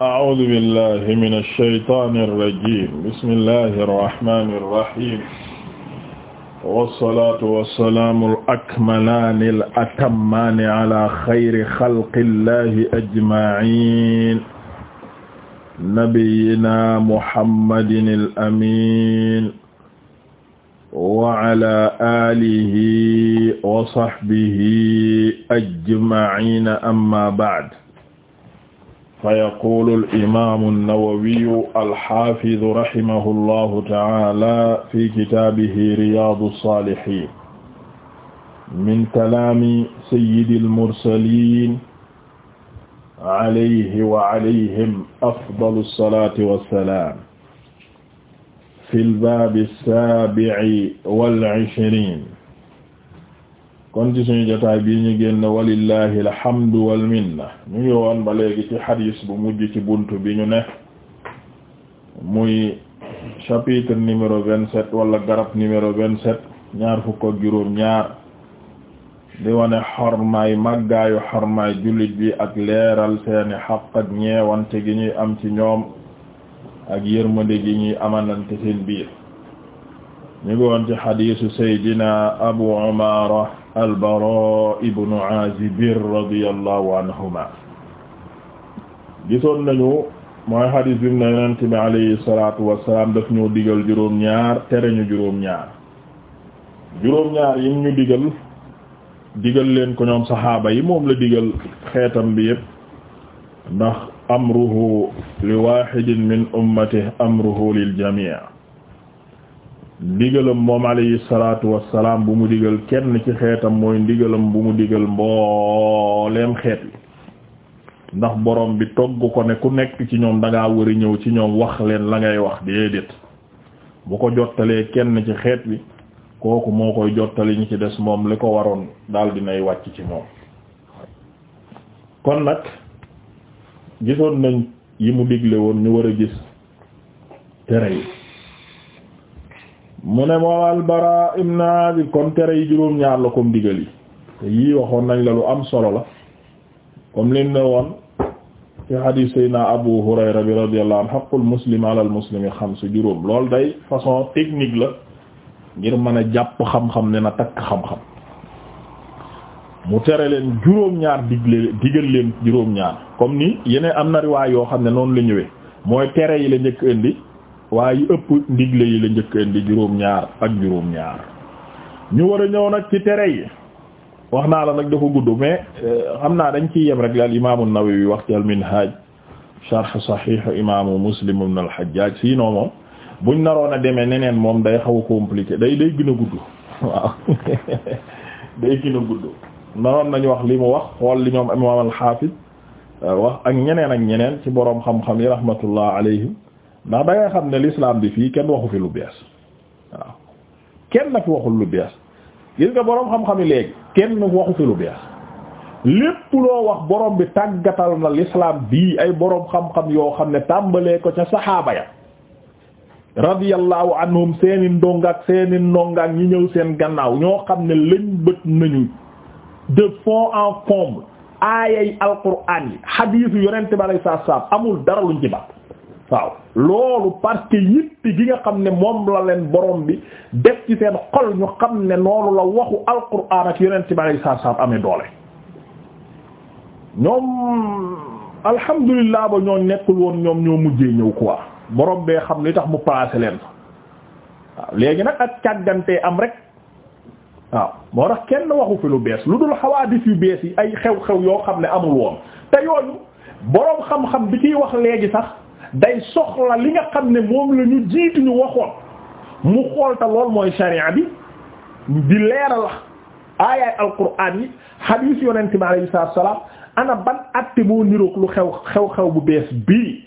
أعوذ بالله من الشيطان الرجيم بسم الله الرحمن الرحيم والصلاة والسلام الأكملان الأتمان على خير خلق الله أجمعين نبينا محمد الأمين وعلى آله وصحبه أجمعين أما بعد fa yaqulu al-imaamu an-Nawawiyu al-haafidu rahimahu llahu ta'aala fi kitaabihi Riyaadu s-Saalihiin min kalaami sayyidi al-mursaliin alayhi wa alayhim afdalu s-salaati wa s-salaam fi l-baabi s-saabi'i wal-'ishriin kon ci bii ñu génn walillahi alhamdu wal minna ñu ngi woon ba léegi ci xadiis bu mujj ci bunt bi ñu ne muy chapitre numéro vingt-sept wala garab numéro vingt-sept ñaar fukk ak juróom ñaar di wane xormaay màggaayu xormaay jullit bi ak leeral seeni xaq ak ñeewante gi ñuy am ci ñoom ak yërmande gi ñuy amalante seen biir ñu ngi woon ci xadiisu Seydina Abu Umaara al-Baraa ibnu Aazib radiyallahu anhuma gisoon nañu mooy xadiis bi mu ne yonent bi alayhi salaatu wassalaam daf ñoo digal juróom-ñaar tere ñu juróom-ñaar juróom-ñaar yi ñu digal digal leen ko ñoom saxaaba yi moom la digal xeetam bi yépp ndax amruhu li waahidin min ummatihi amruhu lil jamii' ndigalam moom alayhi salaatu salaam bu mu digal kenn ci xeetam mooy ndigalam bu mu digal mbooleem xeet yi ndax borom bi togg ko ne ku nekk ci ñoom danga wari ñëw ci ñoom wax leen la ngay wax déedéet bu ko jottalee kenn ci xeet wi kooku moo koy jottali ñu ci des moom li ko waroon daal dinay wàcc ci moom kon nag gisoon nañ yi mu digle woon ñu war a gis tere yi mu ne moom albara ibn kon tere yi juróom ñaar la comme digal yi te yii waxoon nañ la lu am solo la comme lim ne woon ci hadith sayna abu hurayra bi radiyallahu anhu haqqul muslim ala al muslimi xamsu juróom lool day façon technique la ngir mën a jàpp xam-xam ne na takk xam-xam mu tere leen juróom-ñaar digle digal leen juróom-ñaar comme ni yeneen am na riwaay yoo xam ne noonu la ñëwee mooy tere yi la njëkk indi waaye yi ëpp ndigle yi la njëkk indi juróom-ñaar ak juróom-ñaar ñu war a ñëw nag ci tere yi wax naa la nag dafa gudd mais euh, xam naa dañ ciy yem rek daal imaamu Nawawi wax ci al-Minhaj sharh sahih imaamu Muslim ibn al-Hajjaj sinon moom buñ naroon a demee neneen moom day xaw a compliqué day day gën a gudd waaw day gën a gudd naroon nañu wax li mu wax xool li ñoom imaam al-Hafiz euh, wax ak ñeneen ak ñeneen ci boroom xam-xam yi rahmatullah alayhim ndax da xam ne l'islam bi fii kenn waxu fi lu bees waaw kenn na fi waxul lu bees gis nga boroom xam yi léegi kenn waxu fi lu bees lépp loo wax boroom bi tàggatal na lislaam bii ay boroom xam-xam yoo xam ne tàmbalee ko ca saxaaba ya radiyallahu anhum seeni ndonga ak seeni ndonga ak ñi ñëw seen gannaaw ñoo xam ne lañ bët nañu de fond en comble aayay alquran yi xadiisu yonente bi alay saab amul dara luñ ci waaw loolu parce que yitti gi nga xam ne moom la leen borom bi def ci seen xol ñu xam ne noonu la waxu alquran ak yeneen ci bari saab saab amee doole ñoom alhamdulilah ba ñoo nekkul woon ñoom ñoo mujjee ñëw waa boroom bee xam li tax mu placé leen waaw léegi nag ak càggantee am rek waaw moo tax kenn waxu fi lu bees lu dul xawaadis yu bees yi ay xew-xew yoo xam ne amul woon te yooyu boroom xam-xam bi ciy wax léegi sax day soxla li nga xam ne moom la ñu jiitu ñu waxoon mu xoolta lool mooy sharia bi di leeral aayaay alquraan yi xadiis yonent bi alayhi salaatu wa salaam ana ban atte moo niroog lu xew xew-xew bu bees bii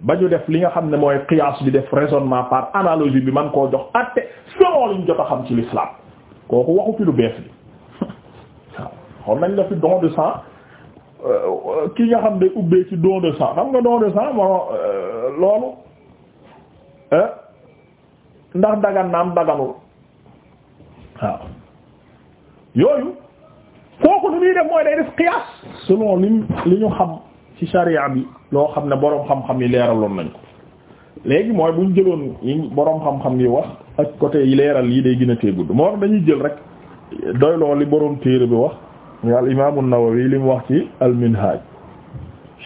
ba ñu def li nga xam ne mooy qiyaas bi def raisonnement par analogie bi man koo jox atte selon liñ jot a xam ci l'islam kooku waxu fi lu bees bi waaw nañ la fi don de Euh, ki nga xam de ubbee ci don de sang xam nga don de sang moo euh, loolu ndax dagan naam daganul waaw yooyu kooku lu muy def mooy day def qiyaas selon li li ñu xam ci sharia bi loo xam ne boroom xam-xam yi leeraloon nañ ko léegi mooy buñ jëloon yi boroom xam-xam yi wax ak côté yi leeral yi day gën a tee du moo tax dañuy jël rek doy li boroom téere bi wax al imam an-Nawawi li mu wax ci al-Minhaj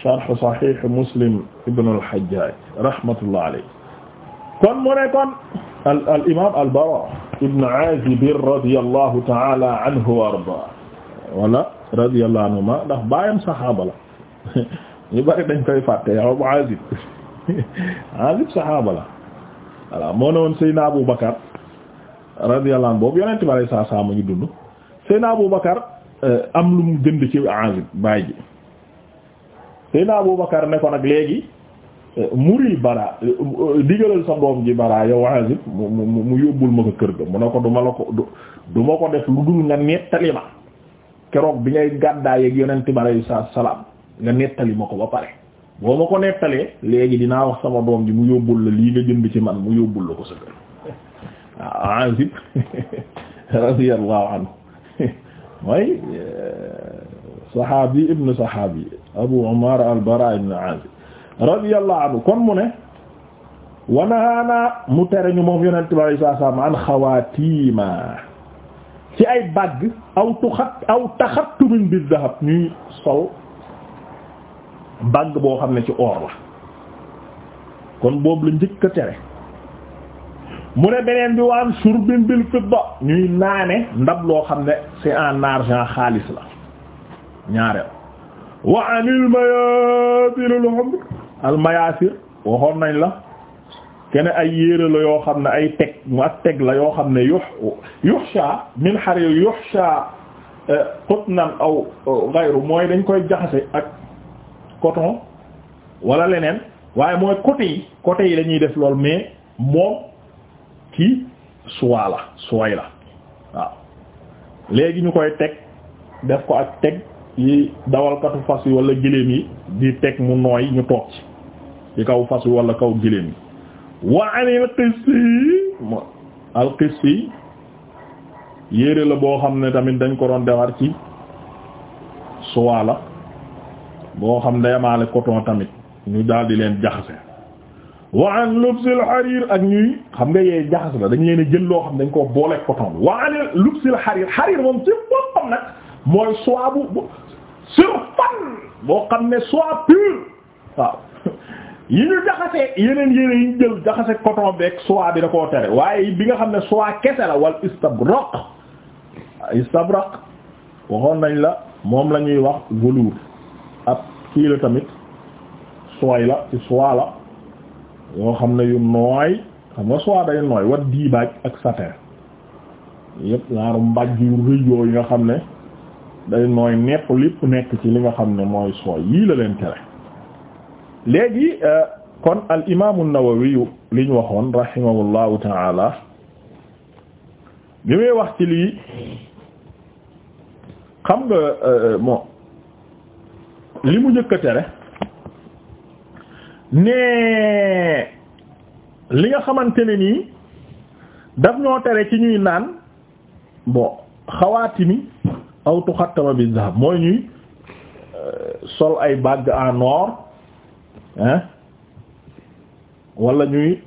sharh sahih Muslim ibn al-Hajjaj rahmatullah alayhi kon mu ne kon al al imam al-Bara ibn Azib radiyallahu ta'ala anhu wa arda wala radiyallahu anhuma ndax baayam saxaaba la ñu bari dañ koy fàtte yow Azib Azib saxaaba la voilà moo ne woon Seydina Abu Bakar radiyallahu anhu boobu yonent bi alayhi salaam mu ngi dund Seydina Abu Bakar Euh, am lu mu jënd ci Aazib baay ji Seydina Abubakar ne ko nag léegi euh, muri bara euh, digalal sa doom ji bara yow Aazib mu mu mu yóbbul ma ko kër ga mu ne ko duma la ko du ma ko def lu dul nga nettali ma keroog bi ngay gàddaay ak yonent bi alayhi salaam nga nettali ma ko ba pare boo ma ko nettalee léegi dinaa wax sama doom ji mu yóbbul la lii nga jënd ci man mu yóbbul la ko sa kër waaw Aazib radiyallahu mooy saxaabi ibn saxaabi abu umar al-bara ibn azib radiyallahu anhu kon mu ne wanaana mu tere ñu moom yonent bi sallallahu alayhi an xawaatiima ci ay bagg aw tuxat aw taxattumin bi dahab ñuy sol bagg boo xam ne ci or la kon boobu la njëkk tere mu ne beneen bi waan surbin bil fidda ñuy naane ndab loo xam ne c'est en argent xaalis la ñaareel wa anil waxoon nañ la kene ay yére la yoo xam ne ay teg mu ak teg la yoo xam ne yux yuxsha min harir yuxsha eh, qutnan aw ghayru mooy dañ koy jaxase ak coton wala leneen waaye mooy côté yi côté yi dañuy def lool mais moom kii suwaa la suway la waaw léegi ñu koy teg def ko ak teg yi dawalkatu fas yi wala giléem yi di teg mu nooy ñu toog ci ci kaw fas yi wala kaw gëléem yi wa anil qisti mo al qisti yére la boo xam ne tamit dañ ko doon defar ci suwaa la boo xam ne day amaale coton tamit ñu daal di leen jaxase wa an lubsil ak ñuy xam nga yee jaxas la dañ leen a jël loo xam dañ ko booleeg coton bi wa an lubsil xariir xariir moom ci boppam nag mooy soie bu sur fan boo xam ne soie pure yi ñu jaxasee yeneen yére yi ñu jël jaxase coton beeg soie bi da koo tere waaye bi nga xam ne soie kese la wal istabraq istabraq waxoon nañ la moom lañuy wax velours ab kii la tamit soie la ci soie la. yoo xam ne yu nooy xam nga soie day nooy wat diibaaj ak satin yëpp ñaaru mbàjj yu rëy yooyu nga xam ne day nooy nepp lépp nekk ci li nga xam ne mooy sooy yii la leen tere léegi euh, kon al imaamu an-Nawawi li ñu waxoon rahimahullahu taala bi muy wax ci lii xam nga moo euh, li mu njëkk tere ne li nga xamante ne nii daf ñoo tere ci ñuy naan bon xawaatimi aw tuxattama bi zahab mooy ñuy euh, sol ay bàgg en or hein wala ñuy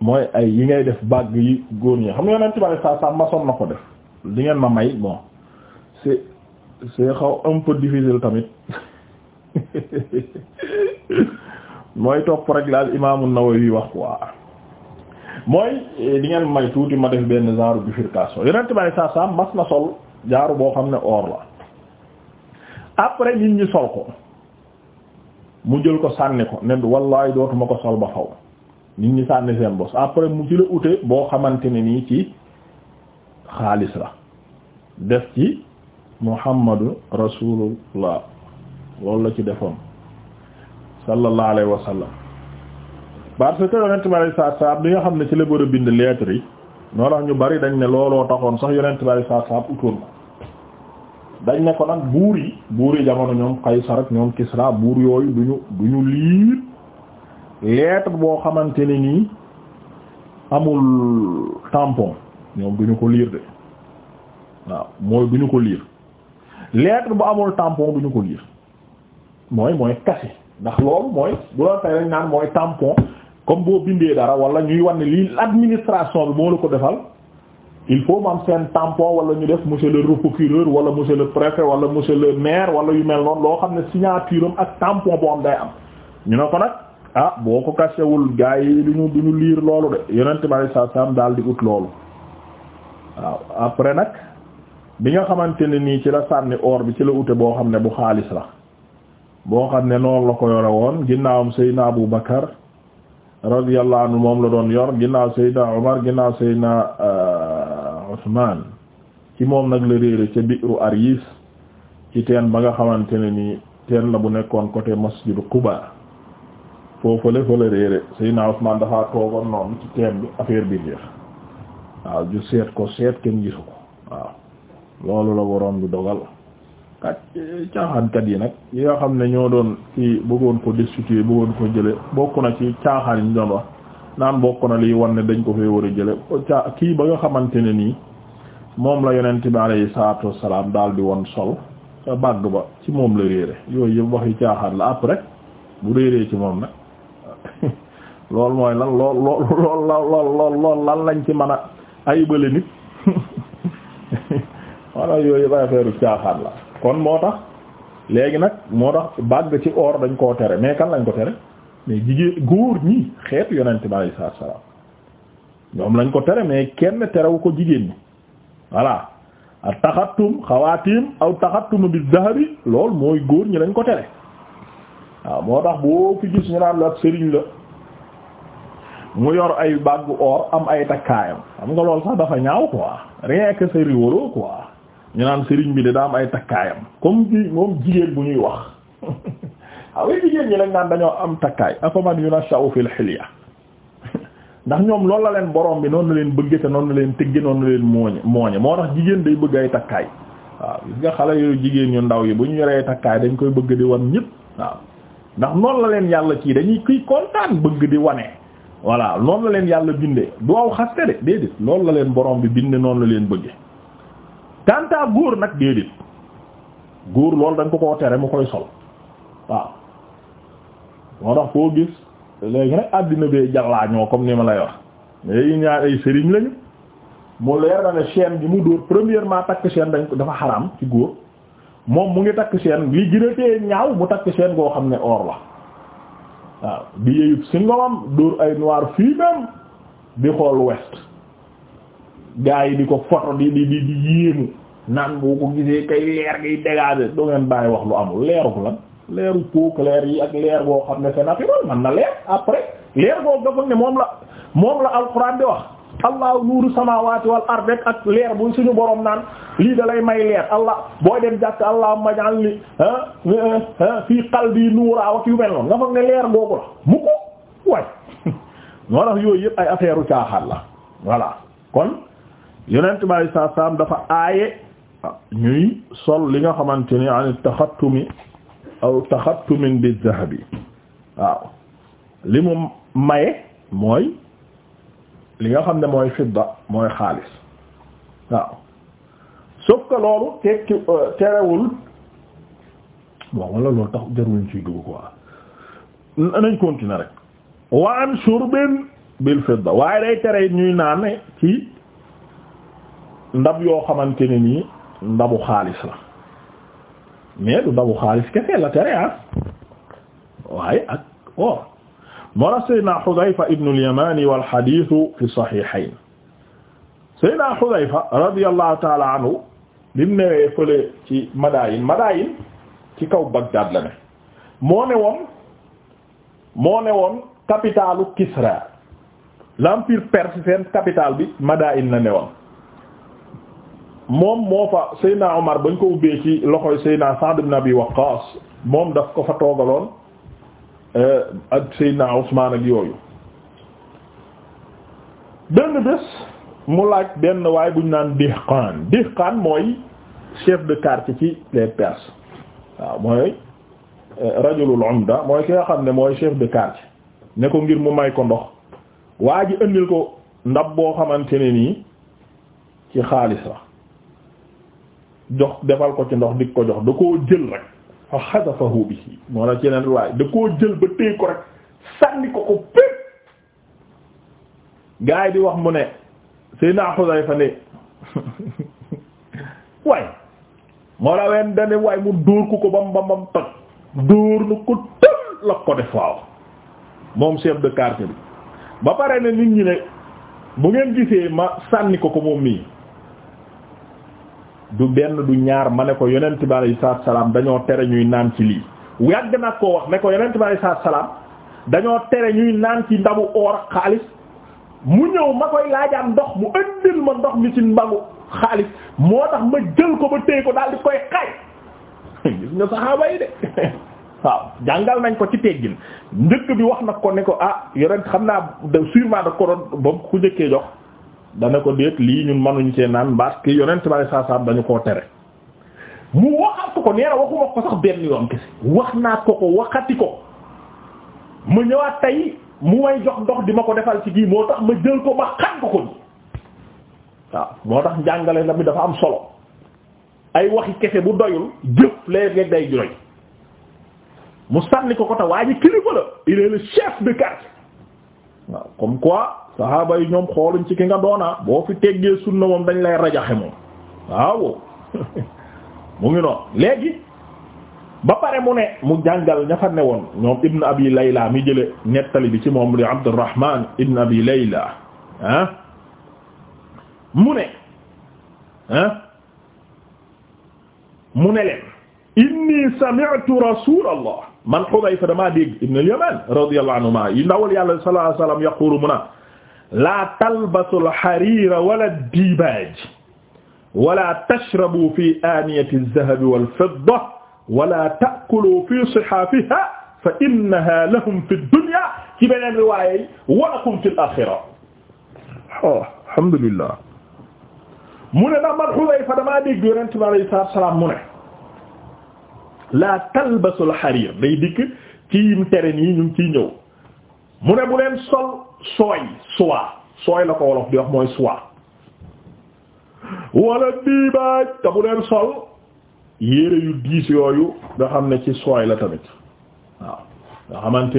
mooy ay yi ngay def bague yi góor ñi xam nga yonent bi saa saa masoon na ko def di ngeen ma may bon c'est c'est xaw un peu difficile tamit mooy topp rek la al imaamu Nawawi wax quoi mooy eh, di ngeen may tuuti ma def benn genre bifurcation yonent bi saa saa mas na sol jaaro boo xam ne or la après nit ñi sol ko mu jël ko sànni ko ne wallahi dootuma ko sol ba xaw nit ñi sànni seen bos après mu ci la ute boo xamante ne nii ci xaalis la def ci Muhammadu Rasulullah loolu la ci defoon. sallallahu alayhi wa sallam parce que yonent bi alayhi salaatu salaam nga xam ne ci la war a bind lettre yi ñoo tax ñu bari dañ ne looloo taxoon sax yonent bi alayhi salaatu salaam utoon ko dañ ne ko nag buur yi buur yi jamono ñoom Qaysar ak ñoom Kisra buur yooyu duñu duñu liir lettre boo xamante ne nii amul tampon ñoom duñu ko liir de waaw mooy duñu ko liir lettre bu amul tampon duñu ko liir mooy mooy kase ndax loolu mooy bu doon tey naan mooy tampon comme boo bindee dara wala ñuy wan ne lii administration bi moo la ko defal il faut mu am seen tampon wala ñu def monsieur le procureur wala monsieur le préfet wala monsieur le maire wala yu mel noonu loo xam ne signature am ak tampon boo am day am ñu ne ko nag ah boo ko kasewul gars yi du ñu liir loolu de yonent bi saa saam daal di ut loolu waaw après nag bi nga xamante ne nii ci la sànni or bi ci la ute boo xam ne bu xaalis la. boo xam ne noonu la ko yore woon ginnaawam Seydina Abu Bakar radiyallahu anhu moom la doon yor ginnaaw Seydina Omar ginnaaw Seydina euh, Usmaan ci moom nag la réere ca biiru Aris ci teen ba nga xamante ne nii teen la bu nekkoon côté masjidu Quba foofale fa la réere Seydina Usmaan dafa toogoon noonu ci teen bi affaire bi réer waaw ju seet ko seet kenn gisu ko waaw loolu la waroon bi dogal ak caaxaankat yi nag yi nga xam ne ñoo doon kii bëggoon ko destituer bëggoon ko jële bokk na ci caaxaan yi ñu doon wax naan bokk na lii wan ne dañ ko fee war a jële caa kii ba nga xamante ne nii moom la yonent bi alayhi salaatu wassalaam daal di won sol bàgg ba ci moom la réere yooyu yëpp waxi caaxaan la après bu réeree ci moom nag mooy lan lool lool lool lool lan lañ ci mën a ayibale nit wala yooyu caaxaan la kon moo tax léegi nag moo tax bàgg ci oor dañ koo tere mais kan lañ ko tere mais jigéen góor ñi xeet yonent bi alayhi salaatu salaam ñoom lañ ko tere mais kenn terewu ko jigéen ñi voilà a taxatum xawaatim aw taxatum bi dahabi lool mooy góor ñi lañ ko tere waaw moo tax boo fi gis ñu naan la ak sëriñ la mu yor ay bàggu or am ay takkaayam xam nga lool sax dafa ñaaw quoi rien que c'est rigolo quoi ñu naan sëriñ bi de daa am ay takkaayam comme bi moom jigéen bu ñuy wax awee ah jigéen ñi lañ naan dañoo am takkaay yu afaman yunashau fil hilya ndax ñoom loolu la leen borom bi noonu leen bëgg te noonu leen tëgge noonu leen mooñe mooñe moo tax jigéen day bëgg ay takkaay waaw gis nga xale yu jigéen ñu ndaw yi bu ñu yoree takkaay dañ koy bëgg di wan ñëpp waaw ndax noonu la leen yàlla kii dañuy kiy kontaan bëgg di wane voilà noonu la leen yàlla bindee du aw loolu la leen borom bi binde noonu la leen bëgge kanta góor nag déedéet góor loolu dañ ko koo tere mu koy sol waaw moo tax koo gis léegi nag àddina bee jaxlaañoo comme ni ma lay wax léegi ñaar ay sëriñ lañu mu leer na ne chaîne bi mu dóor premièrement takk chaîne dañ ko dafa xaraam ci góor moom mu ngi takk chaîne li gën ñaaw mu takk chaîne goo xam ne or la waaw di yeyut si ngomam dóor ay noir fii même xool west gaa yi di ko foto di di di yéemu naan boo ko gisee kay leer ngay dégager doo ngeen bàyyi wax lu amul leeru lan leeru pook leer yi ak leer boo xam ne c'est naturel man na leer après leer boobu dafa ne moom la moom la alxuraan wax allahu nuuru samaawaati wal ard rek ak leer lii da lay may leer allah booy dem nga foog ne leer boobu la mu ko waay moo tax yooyu yëpp ay affaire u la voilà kon yonent bi alei saatu salaam dafa aaye ñuy sol li nga xamante ni an taxattumi aw taxattumin bi zahabi waaw li mu maye mooy li nga xam ne mooy fidda mooy xaalis waaw sauf que loolu tekki euh, terewul bon wala loolu tax jarul ñu ciy dugg quoi nañ continuer rek wa an shurbin bil fidda waaye day tere ñuy naan ci ndab yoo xamante ne nii ndabu xaalis la mais du ndabu xaalis kese la tere ah waaye ak or mora saydna Xudayfa ibnu al wal xadiisu fi saxiixayn saydna Xudayfa radiyallahu taala anhu bimu newee fële ci Madayin Madayin ci kaw Bagdad la ne moo ne woon moo ne woon capitalu Kisra l'empire perse seen capital bi Madayin la ne moom moo fa Seydina Omar bañ ko ubbee ci loxo Seydina Sa'd ibn Abi Waqqas moom daf ko fa toogaloon eh, ak Seydina Usmaan ak yooyu benn bés mu laaj benn waaye buñ naan Dihqaan Dihqaan mooy chef de kart ci les Perses waaw mooy eh, rajulul mooy ki nga xam ne mooy chef de quartier ne ko ngir mu may ko ndox waa ji indil ko ndab boo xamante nii ci xaalis la jox defal ko ci ndox di ko jox da koo jël rek fa xadafahu bihi moo la ci yeneen waaye da koo jël ba téy ko rek sànni ko ko pépp gaa di wax mu ne Seydina Xudayfa ne waay moo la wen dane waay mu dóor ko ko bam bam toj dóor na ko tël la ko def waaw moom chef de quartier bi ba pare ne nit ñi ne bu ngeen gisee ma sànni ko ko moom mii du benn du ñaar ma ne ko yonent bi alayhi salaatu salaam dañoo tere ñuy naan ci lii yàgg nag koo wax ne ko yonent bi alayhi salaatu salaam dañoo tere ñuy naan ci ndabu oor ak xaalis mu ñëw ma koy laajaan ndox mu ëndil ma ndox mi ci mbagu xaalis moo tax ma jël ko ba téye ko daal di koy xay gis nga saxaaba yi de waaw jàngal nañ ko ci teggin njëkk bi wax nag ko ne ko ah yonent xam naa sûrement da ko doon ba ku njëkkee jox dana ko déet lii ñun mënuñ cee naan mbaat ki yonent bale saasaam dañu koo tere mu waxat ko ko nee waxuma ko sax benn yoon kese wax naa ko ko waxati ko ma ñëwaat tey mu may jox ndox di ma ko defal ci gii moo tax ma jël ko ma xam ko ko nii waaw moo tax njàngale la mi dafa am solo ay waxi kese bu doyul jëf léeg-léeg day joy mu sànni ko ko te waa ji kilifa la il est chef de quartier waaw comme quoi saxaaba yi ñoom xooluñ ci ki nga doona boo fi teggee sunna moom dañ lay rajaxe moom waaw mu ngi noonu léegi ba pare mu ne mu jàngal ña fa ne woon ñoom ibn abi layla mi jële nettali bi ci moom di abdurrahman ibn abi layla ah mu ne ah, mu ne leen inni sami'tu rasulallah man hudayfa damaa dégg ibn al-yaman radiyallahu anhuma yi ndawal yàlla sallallahu alayhi mu na laa talbasul xariira wala diibaaj wala tashrabu fi aaniyati aldahabi walfidda wala taakulu fi sihaafiha fa innaha lahum fi dunya ci beneen riwaaya walakum fi alaxira alhamdulillah mu ne ndax man Xudayfa damaa dégg yonent bi alayhi salaatu wa salaam mu ne laa talbasul xariir day dikk ci yim tere nii ñu ngi ciy ñëw mu ne bu leen sol sooy suwaa sooy la ko wolof di wax mooy suwaa wala diibaaj te sol yére yu diis yooyu nga xam ne ci sooy la tamit waaw nga xamante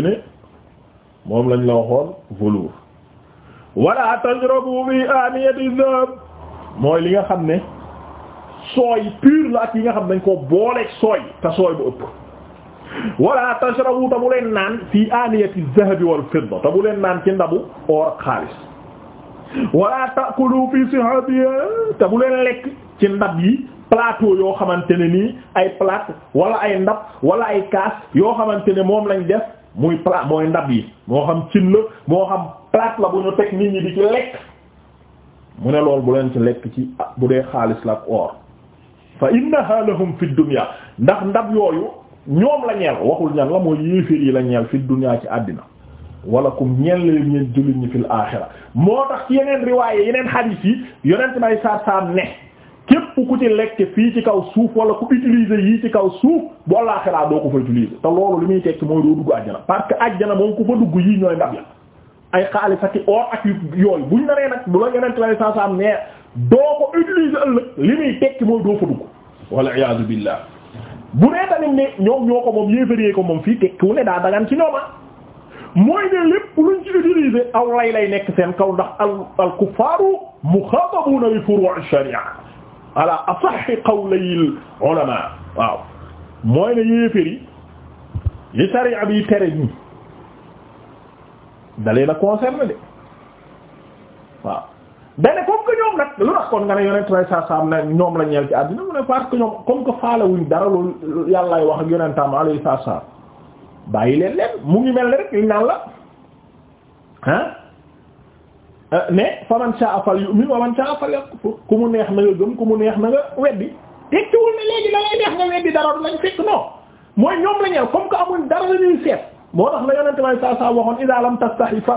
moom lañ la waxoon velours wala tajrabu bi aniyati dhab mooy li nga xam ne sooy pur la ak yi nga xam dañ ko boole sooy te sooy bu ëpp wala tashrabu te bu leen naan fii aniyati zahabi wal fidda te bu leen naan ci ndabu or ak xaalis wala ta'kulu fii sihabiha te bu leen lekk ci ndab yi plateau yoo xamante ne nii ay plate wala ay ndab wala ay kaas yoo xamante ne moom lañ def muy plat mooy ndab yi moo xam cin la moo xam plate la bu ñu teg nit ñi di ci lekk mu ne lool bu leen ci lekk ci bu dee xaalis la ak or fa innaha lahum fi dunya ndax ndab yooyu ñoom la ñeel waxul ñan la mooy yéeféer yi la ñeel fi dunyaa ci àddina wala kum ñeel la ñeen jullit ñi fil aaxira moo tax ci yeneen riwaaye yeneen xadiis yi yonent may saar saam ne képp ku ci lekk fii ci kaw suuf wala ku utiliser yii ci kaw suuf boo bu alaaxiraa doo ko fa utiliser te loolu li muy tekki mooy doo dugg àjjana parce que àjjana moom ku fa dugg yii ñooy ndab ya ay xaalisati or ak yu yooyu buñ na nee nag bu la yonent may saar saam ne doo ko utiliser ëllëg li muy tekki mooy doo fa dugg walla iyaazu bu nee tamit ne ñoom ñoo ko moom yéefaree ko moom fii tekkiwu ne ci ñooma ah. mooy ne lépp luñ ci utiliser aw lay lay nekk seen kaw dax al al kuffaaru muxaatabuna bi furu' sharia ala asahhi qawlayil ulama waaw mooy ne yéefari yi sharia bi tere ñi dalee na concerné de waaw dane comme que ñoom nag lu tax kon nga ne yonent bay saa ñoom la ñeel ci àddina mu ne parce que ñoom comme que faalawuñ dara loolu yàllaay wax ak yonentam alayhi saa saam bàyyi leen leen mu ngi mel ne rek liñ naan la ah ne faman sha'a falyu'min wa man sha'a falyakfur ku mu neex na nga gëm ku mu neex na nga weddi tekkiwul ne léegi la lay neex nga weddi dara du lañ fekk non mooy ñoom la ñeel comme que amuñ dara la seet moo tax la yonent bay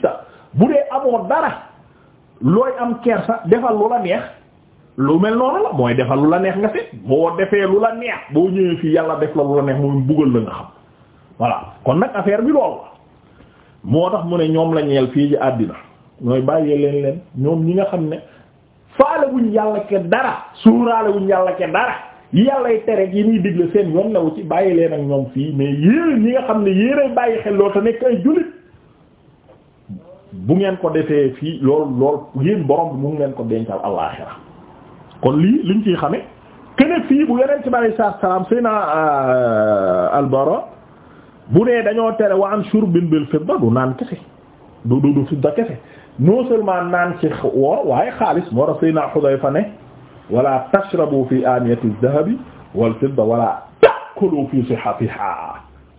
saa bu dee amoo dara looy am kersa defal lu la neex lu mel noonu la mooy defal lu la neex nga fi boo defee lu la neex boo ñëwee fii yàlla def la lu la neex mooy buggal la nga xam voilà kon nag affaire bi loolu la moo tax mu ne ñoom la ñeel fii ci àddina mooy bàyyee leen leen ñoom ñi nga xam ne faale wuñ yàlla ke dara suuraale wuñ yàlla ke dara yi yàllay tere yi muy digle seen la newu ci bàyyi leen ak ñoom fii mais yéen ñi nga xam ne ay bàyyi xel loo te nekk ay bu ngeen ko defee fii loolu lool yéen borom bi mu ngeen ko dencal alaaxira kon lii liñ xame kene fii bu yeneen ci bari saa salaam sayna euh, albara bu nee dañoo tere wa an bil fidda du naan kese du du du fidda kese non seulement naan ci woor waaye xaalis moo tax sayna wala tashrabu fi aniyati dhahabi wal fidda wala ta'kulu fi sihatiha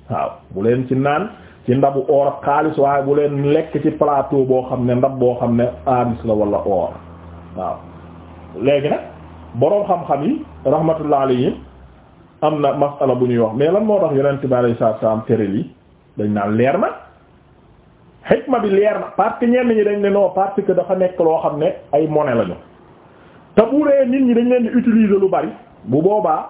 waaw bu leen ci naan ci ndabu or ak xaalis waaye bu leen lekk ci plateau boo xam ne ndab boo xam ne xaalis la wala or waaw léegi nag boroom xam-xam yi rahmatullah alayhi am na masala bu ñuy wax mais lan moo tax yonent bi alayhi salaatu salaam tere lii dañ naan leer na xikma bi leer na parce que ñenn ñi dañ ne non parce que dafa nekk loo xam ne ay monnaie lañu te bu nit ñi dañ leen di utiliser lu bari bu boobaa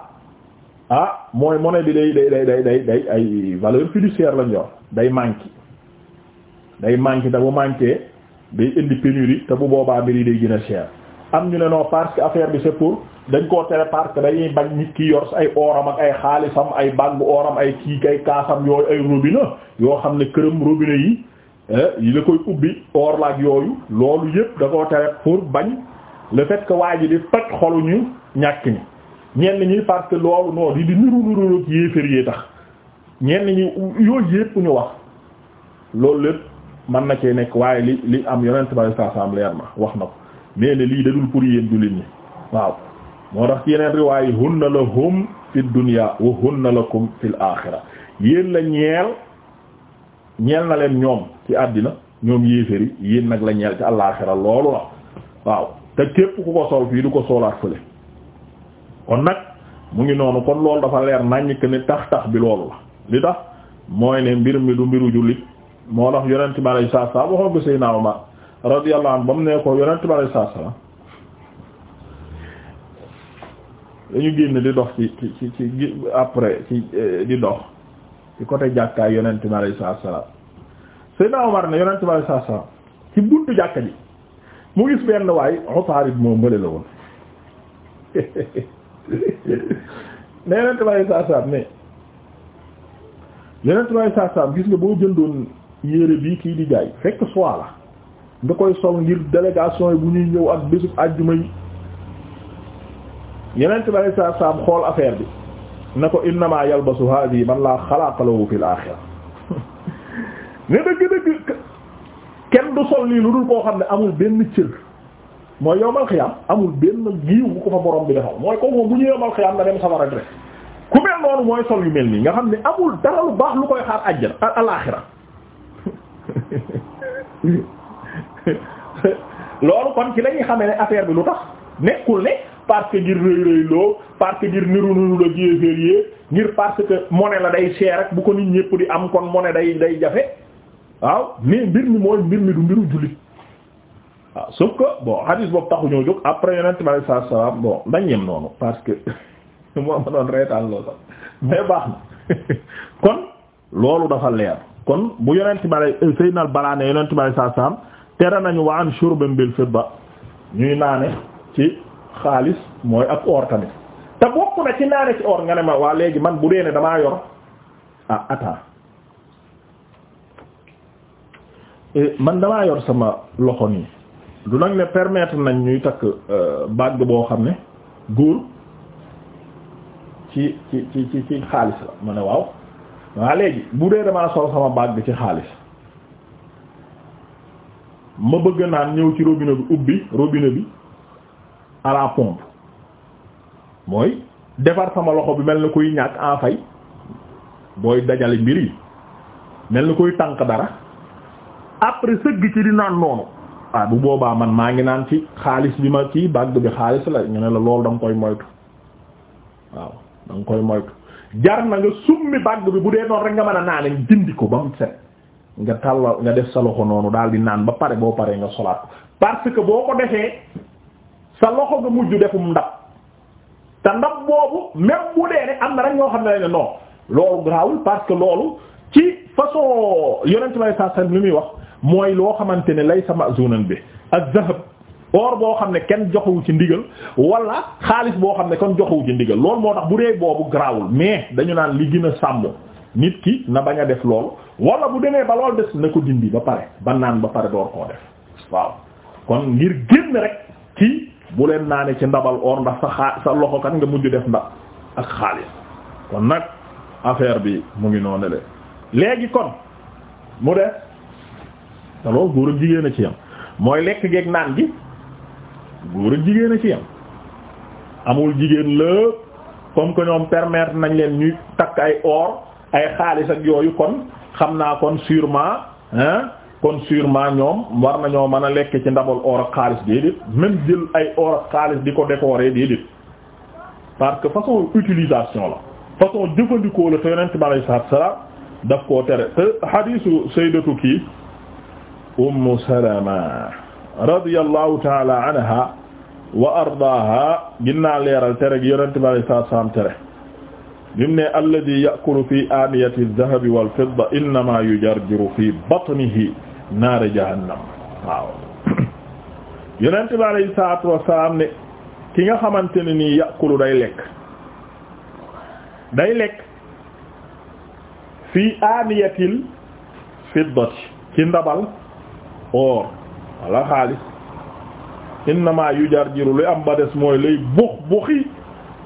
ah mooy monnaie bi day day day day ay valeur fiduciaire lañ yor day manqué day manqué te bu manqué day indi pénurie te bu boobaa mbir yi day gën a cher am ñu ne noo parce que affaire bi c'est dañ koo tere parce que dañuy bañ nit ki yor ay oram ak ay xaalisam ay bag bu oram ay kii ay kaasam yooyu ay robinet yoo xam ne këram robinet yi eh, yi la koy ubbi or laak yooyu loolu yëpp da koo tere pour bañ le fait que waa ji di toj xolu ñu ñàkk ñi ñenn ñuy parce que loolu noonu di di niru niru ak yéefér tax ñenn ñi yooyu yëpp ñu wax loolu lépp mën na cee nekk waaye li li am yonent ba saa saam leer na wax na ko nee lii dadul pour yéen jullit ñi waaw moo tax ci yeneen riwaay yi hunna lahum fi dunya wa hunna lakum fil axira yéen la ñeel ñeel na leen ñoom ci àddina ñoom yéeféri yéen nag la ñeel ci àllaaxira loolu la waaw te képp ku ko sol fii du ko soolaat fële kon nag mu ngi noonu kon loolu dafa leer naññ que tax tax bi loolu la li tax mooy ne mbir mi du mbiru jullit moo tax yonent bi alayhi salaatu salaam waxoon ko Seydina Umar radiyallahu anhu ba mu ne ko yonent bi alayhi salaatu salaam dañu génn di dox ci ci ci après ci eh, di dox ci côté jàkkaay yonent bi alayhi salaatu salaam Seydina Umar ne yonent bi alayhi salaatu salaam ci buntu jàkka ji mu gis benn waay Utaarid moo mbële la woon ne yonent bi alayhi salaatu salaam ne yeneen tubaab saa saam gis nga boo jëndoon yére bii kii di jaay fekk soie la nga koy sol ngir délégation yi bu ñuy ñëw ak bésub àjjuma yi yeneen tubaab saa saam xool affaire bi na ko innama yalbasu hadi man laa xalaaqa lahu fil aaxira ne dëgg-dëgg kenn du sol lii lu dul koo xam ne amul benn cër mooy yowmal xiyaam amul benn giiw bu ko fa borom bi defal mooy kooku moom bu ñu yowmal xiyaam nga dem safara rek. noonu mooy sol yu mel nii nga xam ne amul dara lu baax lu koy xaar àjjana alaaxira loolu kon ki lañuy xamee ne affaire bi lu tax nekkul ne parce que ngir rëy rëy loo parce que ngir niru niru la jéeféer yéeg ngir parce que monnaie la day cher rek bu ko nit ñépp di am kon monnaie day day jafe waaw mais mbir mi mooy mbir mi du mbiru jullit waaw sauf bon hadis boobu taxu ñoo jóg après yonent bi sallallahu alayhi bon dañ yem noonu parce que moo ma doon reetaan loolu sax baax na kon loolu dafa leer kon bu yonent bale euh, sayyidina balaa ne yonent bale saa saam tere nañu wa an shurbin bil fidda ñuy naane ci xaalis mooy ak or tamit te bokk na ci naane ci or nga ne ma waa léegi man bu dee ne damaa yor ah attends eh, man damaa yor sama loxo nii lu nag ne permettre nañ ñuy takk euh, bàgg boo xam ne góor ci ci ci ci xaalis la ma ne waaw waa léegi bu dee damaa sol sama baag bi ci xaalis ma bëgg naan ñëw ci robine bi ubbi robinet bi à la mooy defar sama loxo bi mel ni kuy ñàkk en fay booy dajale mbir yi mel ni koy tànk dara après sëgg ci di naan noonu ah bu boobaa man maa ngi naan ci xaalis bi ma ciy bàgg bi xaalis la ñu ne la loolu danga koy moytu waaw da nga koy moytu jar na nga summi bàgg bi bu dee noonu rek nga mën a naane dindi ko ba mu set nga tàllal nga def sa loxo noonu daal di naan ba pare boo paree nga solaat parce que boo ko defee sa loxo nga mujj defum ndab te ndab boobu même bu dee ne am na rek ñoo xam ne ne non loolu grawul parce que loolu ci façon yonent lay sa san li muy wax mooy loo xamante ne lay sa mazunan bi ak zahab or boo xam ne kenn joxuwu ci ndigal wala xaalis boo xam ne kon joxewu ci ndigal loolu moo tax bu dee boobu garaawul mais dañu naan li gin a sàmm nit ki na bañ a def loolu wala bu demee ba loolu des na ko dindi ba pare ba naan ba pare door koo def waaw kon ngir génn rek ci bu leen naane ci ndabal or ndax sa xaa sa loxo kan nga mujj def ndax ak xaalis kon nag affaire bi mu ngi noonu le léegi kon mu def te loolu góor ak jigéen a ci yam mooy lekk geeg naan gi góor ak jigéen a ci yam amul jigéen lépp comme que ñoom permettre nañ leen ñuy takk ay or ay xaalis ak yooyu kon xam naa kon sûrement hein kon sûrement ñoom war nañoo mën a lekk ci ndabal or ak xaalis déedéet même jël ay or ak xaalis di ko décorer déedéet parce que façon utilisation la façon jëfandikoo la te yonent bi alayhi salaatu daf koo tere te hadiisu sayyidatu kii Ummu Salama radiyallahu taala anha wa ardaaha ginnaa leeral tere gi yonente bi alay saatu salaam tere bimu ne alladi yakulu fi aniyati aldahabi walfidda innama yujarjiru fi batnihi naara jahannam waaw yonente bi alayhi salatu wasalaam ne ki nga xamante ne nii yakulu day lekk day lekk fii aaniyatil fiddati ci ndabal or wala xaalis innama yujarjiru li am ba des mooy lay bux buxi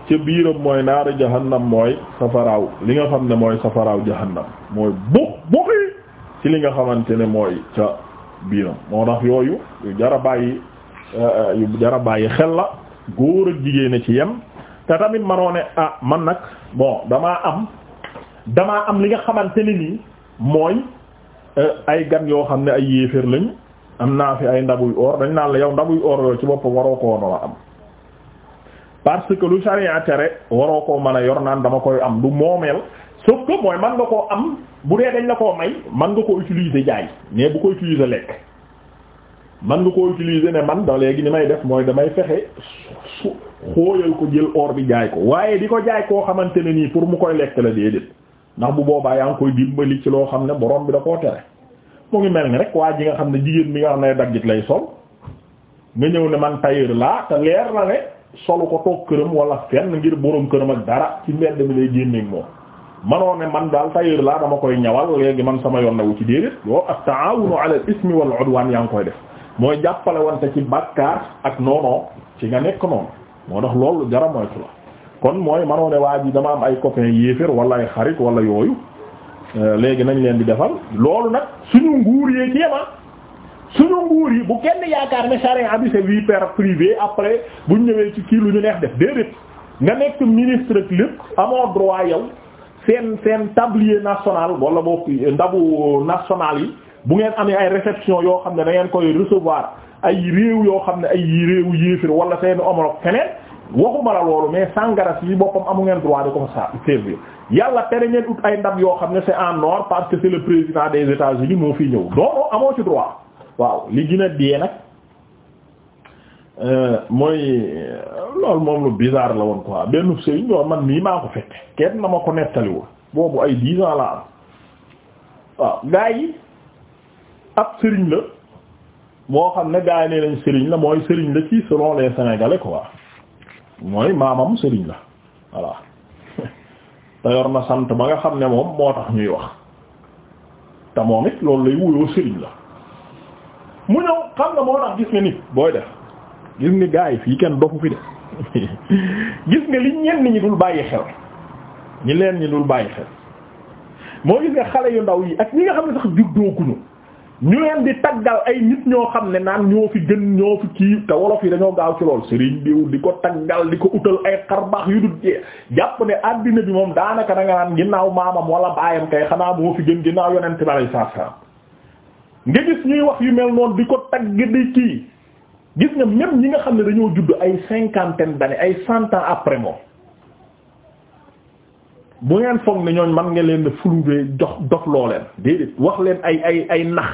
ca biiram mooy naara jahannam mooy safaraaw li nga xam ne mooy safaraaw jahannam mooy bux buxi ci li nga xamante ne mooy ca biiram moo tax yooyu yu jara bàyyi euh, yu jara bàyyi xel la góor ak jigéen ci yem te tamit manoo ne ah man nag bon damaa am damaa am li nga xamante ne nii mooy euh, ay gan yoo xam ne ay yéeféer lañu am naa fi ay ndabuy or dañ naan la yow ndabuy or yooyu ci boppam waroo ko woon am parce que lu sharia tere waroo koo mën a yor naan dama koy am du moomeel sauf que mooy man nga koo am bu dee dañ la koo may man nga ko utiliser jaay mais bu ko utiliser lekk man nga ko utiliser ne man da léegi ni may def mooy damay fexe su xóoyal ko jël or bi jaay ko waaye di ko jaay koo xamante ne nii pour mu koy lekk la déedéet ndax bu boobaa yaa ngi koy dimbali ci loo xam ne borom bi da koo tere mu ngi mel ni rek waa ji nga xam ne jigéen mi nga xam ne daggit lay sol nga ñëw ne man tailleur laa te leer na ne solu ko toog këram wala fenn ngir boroom këram ak dara ci mbedd mi lay génneeg moom manoo ne man daal tailleur laa dama koy ñawal léegi man sama yoon na wu ci déedéet loolu ak ta'awunu ala al-ismi wal udwan yaa ngi koy def mooy jàppale wante ci bàkkaar ak noonoo ci nga nekk noonu moo tax loolu dara la kon mooy manoo ne waa ji dama am ay copains yéefér wala ay xarit Euh, léegi nañ leen di defal loolu nag suñu nguur yee jéema suñu nguur yi bu kenn yaakaar ne charia bi c'est vie privée après buñ ñëwee ci kii lu ñu neex def déedéet nga nekk ministre ak lépp amoo droit yow seen seen tablier national wala bokk ndabu national yi bu ngeen amee ay réception yoo xam ne da ngeen koy recevoir ay réew yoo xam ne ay réew yéefir wala seen homologue feneen waxuma la loolu mais sangara si boppam amu ngeen droit di ko fa servir yàlla tere ngeen ut ay ndam yoo xam ne c'est en or parce que c'est le président des États-Unis moo fi ñëw oo amoo ci droit waaw li gën a dee nag euh, mooy euh, loolu moom lu bizarre la woon quoi benn sëriñ loolu man mii maa ko fekk kenn na ma ko nettaliwul boobu ay dix la am waaw gaa yi ab sëriñ la moo xam ne gaa yi nee nañ sëriñ la mooy sëriñ la ci selon les sénégalais quoi mooy maamam sëriñ la voilà te yor na sant ba nga xam ne moom moo tax ñuy wax te loolu lay wuyoo sëriñ la mu ñëw xam nga moo tax gis nga nit booy def gis nga gaa yi fii kenn dofu fi de gis nga li ñenn ñi dul bàyyi xel ñi leen ñi dul bàyyi xel moo gis nga xale yu ndaw yi ak ñi nga xam ne sax juddookuñu ñu leen di taggal ay nit ñoo xam ne naan ñoo fi gën ñoo fi kii te wolof yi dañoo gaaw ci lool sëriñ diw di ko taggal di ko utal ay xarbaax yu dul jeex jàpp ne àddina bi moom daanaka da nga naan ginnaaw maamam wala baayam kay xanaa moo fi gën ginnaaw yonent bi alayhi salaam nga gis ñuy wax yu mel noonu di ko tagg di kii gis nga même ñi nga xam ne dañoo judd ay cinquantaine d'années ay cent après moom bu ngeen foog ne ñooñ man nga leen fulude jox dox loo leen wax leen ay ay ay nax